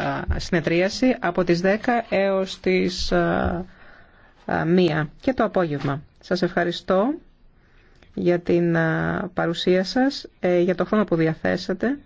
Ε, συνεδρίαση από τις 10 έως τις 1 ε, ε, και το απόγευμα. Σας ευχαριστώ για την παρουσία σας, για το χρόνο που διαθέσατε.